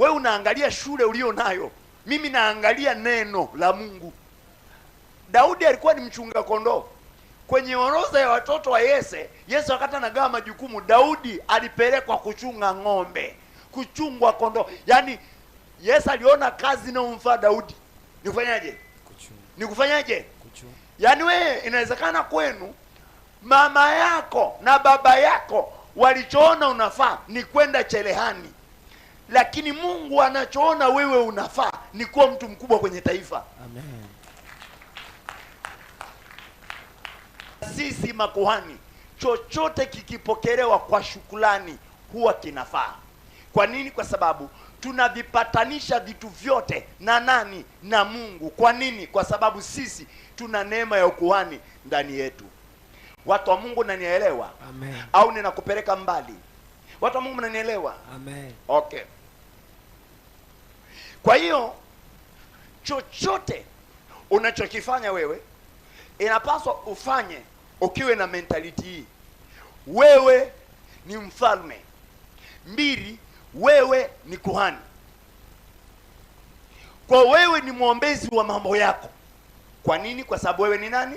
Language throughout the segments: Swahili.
we unaangalia shule ulio nayo, mimi naangalia neno la Mungu. Daudi alikuwa ni mchunga kondoo. Kwenye orodha ya watoto wa Yese, Yese wakati anagawa majukumu, Daudi alipelekwa kuchunga ng'ombe, kuchungwa kondoo. Yaani Yese aliona kazi inayomfaa Daudi. nikufanyaje Kuchunga. Ni kufanyaje? Kuchunga. Yaani wewe inawezekana kwenu mama yako na baba yako walichoona unafaa ni kwenda cherehani lakini Mungu anachoona wewe unafaa ni kuwa mtu mkubwa kwenye taifa. Amen. Sisi makuhani, chochote kikipokelewa kwa shukulani huwa kinafaa. Kwa nini? Kwa sababu tunavipatanisha vitu vyote na nani? Na Mungu. Kwa nini? Kwa sababu sisi tuna neema ya ukuhani ndani yetu. Watu wa Mungu, nanielewa? Amen. Au ninakupeleka mbali? Watu wa Mungu, mnanielewa? Amen. Okay. Kwa hiyo chochote unachokifanya wewe inapaswa ufanye ukiwe na mentality hii, wewe ni mfalme. Mbili, wewe ni kuhani, kwa wewe ni mwombezi wa mambo yako. Kwa nini? Kwa sababu wewe ni nani?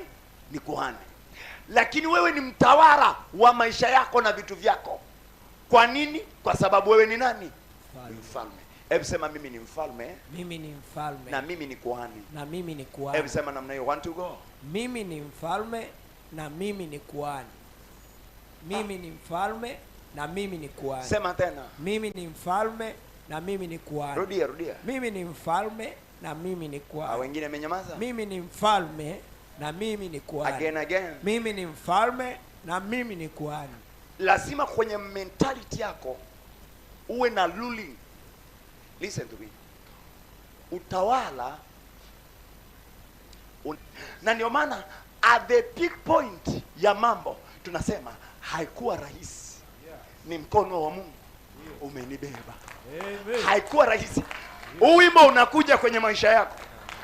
Ni kuhani. Lakini wewe ni mtawala wa maisha yako na vitu vyako. Kwa nini? Kwa sababu wewe ni nani? Mfalme. Hebu sema mimi ni mfalme. Mimi ni mfalme. Na mimi ni kuhani. Na mimi ni kuhani. Hebu sema namna hiyo. want to go. Mimi ni mfalme na mimi ni kuhani. Mimi ni mfalme na mimi ni kuhani. Sema tena. Mimi ni mfalme na mimi ni kuhani. Rudia, rudia. Mimi ni mfalme na mimi ni kuhani. Ah, wengine amenyamaza. Mimi ni mfalme na mimi ni kuhani. Again, again. Mimi ni mfalme na mimi ni kuhani. Lazima kwenye mentality yako uwe na ruling Listen to me. Utawala un... na ndio maana at the peak point ya mambo tunasema haikuwa rahisi, ni mkono wa Mungu umenibeba. Amen. Haikuwa rahisi. Huu wimbo unakuja kwenye maisha yako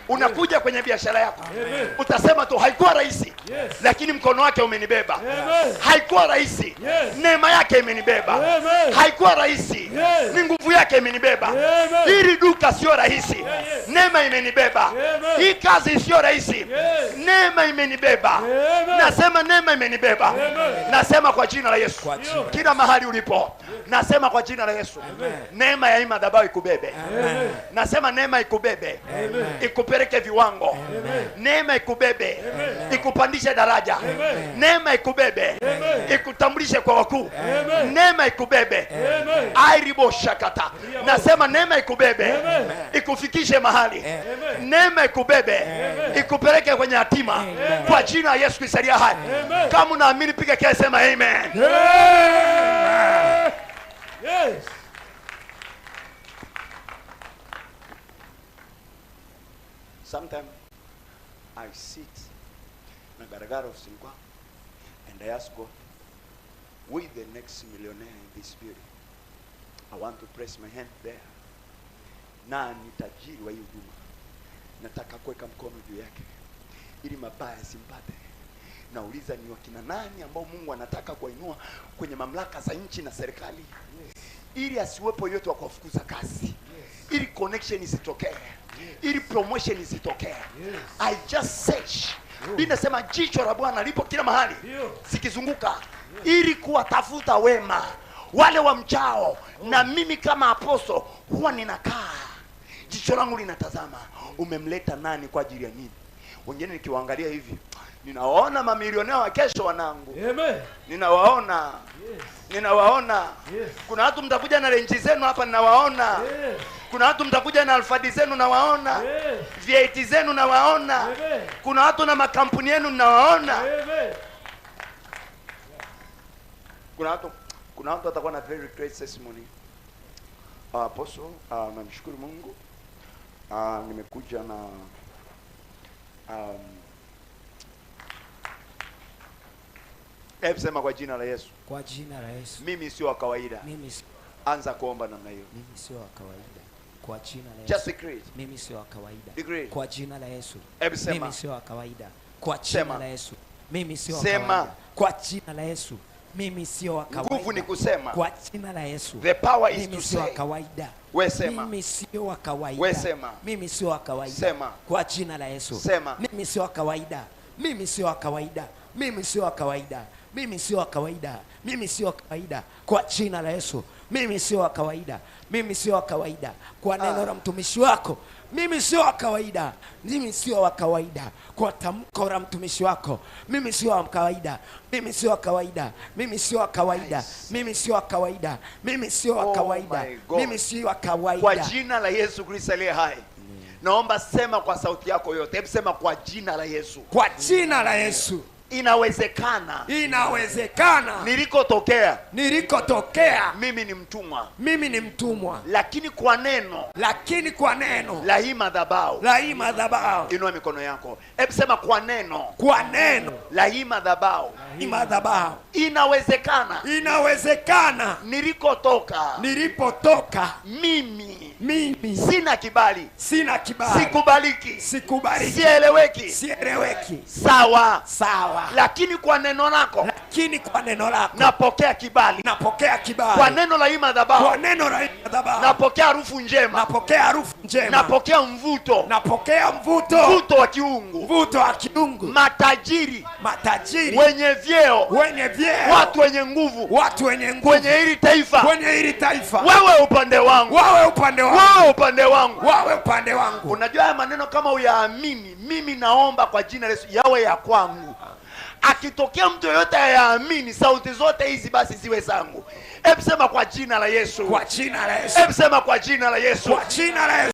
unakuja kwenye biashara yako Amen. Utasema tu haikuwa rahisi yes. Lakini mkono wake umenibeba Haikuwa rahisi yes. Neema yake imenibeba Amen. Haikuwa rahisi yes. Ni nguvu yake imenibeba. Hili duka sio rahisi nema Neema imenibeba hii kazi sio rahisi Neema imenibeba nasema, neema imenibeba nasema kwa jina la Yesu Kila mahali ulipo nasema kwa jina la Yesu Amen. Neema ya hii madhabahu ikubebe Nasema neema ikubebe Ikupeleke viwango Amen. Neema ikubebe Ikupandishe daraja Neema ikubebe Ikutambulishe kwa wakuu neema ikubebe airiboshakata nasema neema ikubebe ikufikishe ikufikishe mahali, neme kubebe ikupeleke kwenye hatima kwa jina la Yesu Kristo aliye hai. Kama unaamini piga kia sema amen. sometime I sit na garagaro ofisini and I ask God, with the next millionaire in this building, I want to press my hand there na ni tajiri wa hii huduma. Nataka kuweka mkono juu yake ili mabaya yasimpate. Nauliza, ni wakina nani ambao Mungu anataka kuinua kwenye mamlaka za nchi na serikali yes. ili asiwepo yote wa kuwafukuza kazi yes. ili connection isitokee yes. ili promotion isitokee yes. I just search Biblia jicho la Bwana lipo kila mahali sikizunguka, ili kuwatafuta wema wale wa mchao. Oh. Na mimi kama aposto huwa ninakaa jicho langu linatazama, umemleta nani kwa ajili ya nini? Wengine nikiwaangalia hivi ninawaona mamilionea wa kesho, wanangu, ninawaona yes. Ninawaona yes. Kuna watu mtakuja na renji zenu hapa, ninawaona yes. Kuna watu mtakuja na alfadi zenu nawaona yes. VAT zenu nawaona Kuna watu na makampuni yenu nawaona Kuna watu kuna watu watakuwa na very great testimony. Ah, apostle, uh, namshukuru Mungu Uh, nimekuja na um, hebu sema kwa jina la Yesu. Kwa jina la Yesu. Mimi sio wa kawaida. Mimi si... anza kuomba namna hiyo. Mimi sio wa kawaida. Kwa jina la Yesu. Just decree. Mimi sio wa kawaida. Decree. Kwa jina la Yesu. sema. Mimi sio wa kawaida. Kwa jina la Yesu. Mimi sio wa kawaida. Sema. Kwa jina la Yesu mimi sio wa kawaida. Nguvu ni kusema kwa jina la Yesu. The power is mimi sio wa kawaida. Wewe sema. Mimi sio wa kawaida. Wewe sema. Mimi sio wa kawaida. Sema. Kwa jina la Yesu. Sema. Mimi sio wa kawaida. Mimi sio wa kawaida. Mimi sio wa kawaida. Mimi sio wa kawaida. Mimi sio wa kawaida. Kwa jina la Yesu mimi sio wa kawaida, mimi sio wa kawaida kwa ah. neno la mtumishi wako mimi sio wa kawaida, mimi sio wa kawaida kwa tamko la mtumishi wako. Mimi sio wa kawaida, mimi sio wa kawaida, mimi sio wa kawaida, mimi sio wa kawaida, mimi sio wa oh kawaida, mimi sio wa kawaida. Kwa jina la Yesu Kristo aliye hai, mm. naomba sema kwa sauti yako yote, hebu sema kwa jina la Yesu, kwa jina la Yesu. Inawezekana, inawezekana nilikotokea, nilikotokea mimi ni mtumwa, mimi ni mtumwa, lakini kwa neno, lakini kwa neno la hii madhabahu, la hii madhabahu. Inua mikono yako, hebu sema kwa neno, kwa neno la hii madhabahu, hii madhabahu. Inawezekana, inawezekana nilikotoka, nilipotoka mimi mimi sina kibali, sina kibali, sikubaliki, sikubaliki, sieleweki, sieleweki. Sawa, sawa, lakini kwa neno lako, lakini kwa neno lako napokea kibali, napokea kibali kwa neno la hii madhabahu, kwa neno la hii madhabahu napokea harufu njema, napokea harufu njema. Napokea mvuto, napokea mvuto, mvuto wa kiungu, mvuto wa kiungu, matajiri, matajiri, wenye vyeo, wenye vyeo, watu wenye nguvu, watu wenye nguvu, kwenye hili taifa, kwenye hili taifa, wewe upande wangu, wewe upande wangu, wewe upande wangu, wewe upande wangu. Unajua haya maneno kama uyaamini, mimi naomba kwa jina la Yesu yawe ya kwangu akitokea mtu yoyote ayaamini sauti zote hizi basi ziwe zangu. Hebu sema kwa jina la Yesu, kwa jina la Yesu. Hebu sema kwa jina la Yesu, kwa jina la Yesu.